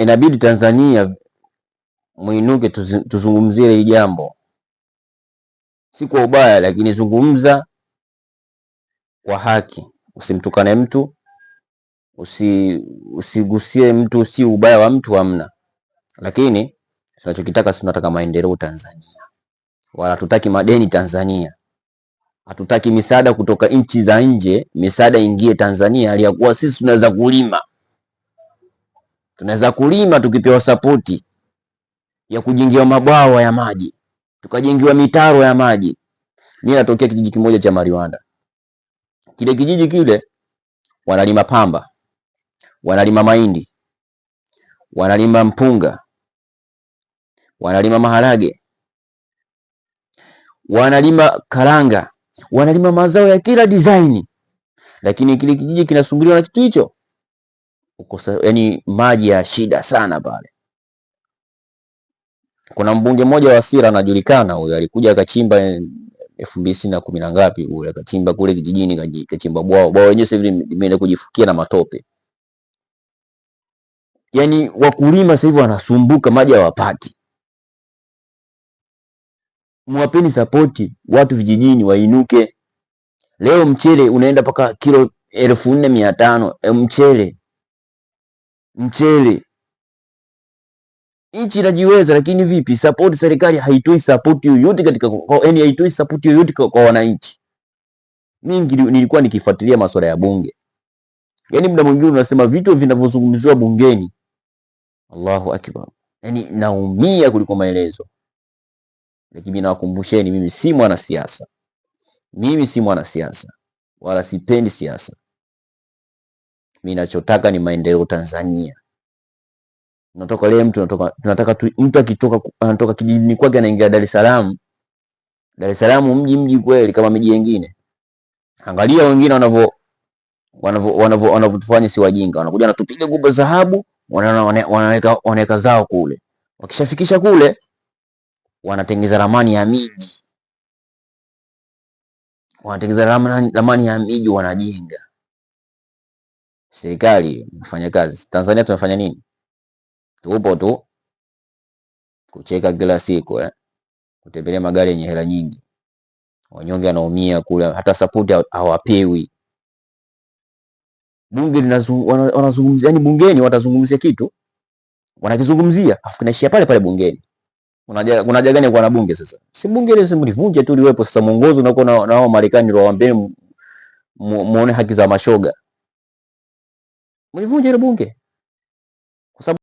inabidi Tanzania muinuke, tuzungumzie hili jambo, si kwa ubaya, lakini zungumza kwa haki. Usimtukane mtu, usi usigusie mtu, si ubaya wa mtu hamna, lakini tunachokitaka si tunataka maendeleo Tanzania, wala hatutaki madeni Tanzania, hatutaki misaada kutoka nchi za nje, misaada ingie Tanzania, aliyakuwa sisi tunaweza kulima tunaweza kulima tukipewa sapoti ya kujengewa mabwawa ya maji, tukajengewa mitaro ya maji. Mimi natokea kijiji kimoja cha Mariwanda. Kile kijiji kile wanalima pamba, wanalima mahindi, wanalima mpunga, wanalima maharage, wanalima karanga, wanalima mazao ya kila design, lakini kile kijiji kinasumbuliwa na kitu hicho ukosa, yani maji ya shida sana pale. Kuna mbunge mmoja wa Sira anajulikana huyo, alikuja akachimba elfu mbili na kumi na ngapi kule, akachimba kule kijijini, kachimba bwao bwao wenyewe, sasa hivi imeenda kujifukia na matope. Yani wakulima sasa hivi wanasumbuka, maji hawapati. Mwapeni sapoti watu vijijini wainuke. Leo mchele unaenda mpaka kilo elfu nne mia tano eh, mchele mchele. Nchi inajiweza lakini vipi? Support serikali haitoi support yoyote katika kwa yani haitoi support yoyote kwa, kwa wananchi. Mimi nilikuwa nikifuatilia masuala ya bunge. yani muda mwingine unasema vitu vinavyozungumziwa bungeni. Allahu akbar. yani naumia kuliko maelezo. Lakini mimi nawakumbusheni, mimi si mwanasiasa. Mimi si mwanasiasa wala sipendi siasa. Mimi ninachotaka ni maendeleo Tanzania. Tunatoka leo mtu natoka, tunataka tu, mtu akitoka anatoka kijijini kwake anaingia Dar es Salaam. Dar es Salaam mji mji kweli kama miji mingine. Angalia wengine wanavyo wanavyo wanavyo wanavyotufanya si wajinga. Wanakuja wanatupiga guba dhahabu, wanaona wanaweka wanaweka zao kule. Wakishafikisha kule wanatengeza ramani ya miji. Wanatengeza ramani, ramani ya miji wanajenga serikali mfanya kazi. Tanzania tunafanya nini? Tupo tu kucheka kila siku eh? Kutembelea magari yenye hela nyingi, wanyonge anaumia kule, hata sapoti hawapewi. Bunge wanazungumzia yani, bungeni watazungumzia kitu wanakizungumzia, afu kinaishia pale pale bungeni. Kuna unaja gani kwa na bunge sasa? Si bunge ile simu livunje tu liwepo. Sasa mwongozo unakuwa na, na, na Marekani, roho mbele muone haki za mashoga mlivunja hilo bunge kwa